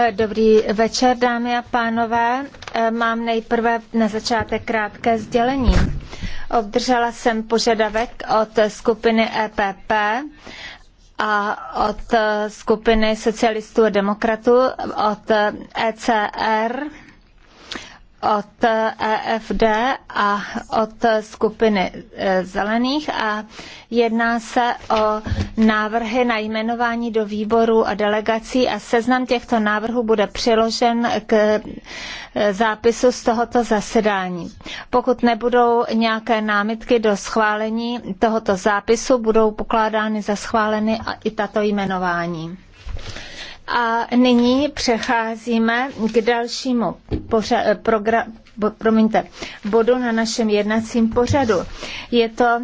Eh, dobrý večer, dámy a pánové. Eh, mám nejprve na začátek krátké sdělení. Obdržela jsem požadavek od skupiny EPP a od eh, skupiny socialistů a demokratů, od ECR, e od EFD e a od skupiny zelených a Jedná se o návrhy na jmenování do výborů a delegací a seznam těchto návrhů bude přiložen k eh, zápisu z tohoto zasedání. Pokud nebudou nějaké námitky do schválení tohoto zápisu, budou pokládány za schváleny i tato jmenování. A nyní přecházíme k dalšímu pořa- eh, progra- bo, promiňte, bodu na našem jednacím pořadu. Je to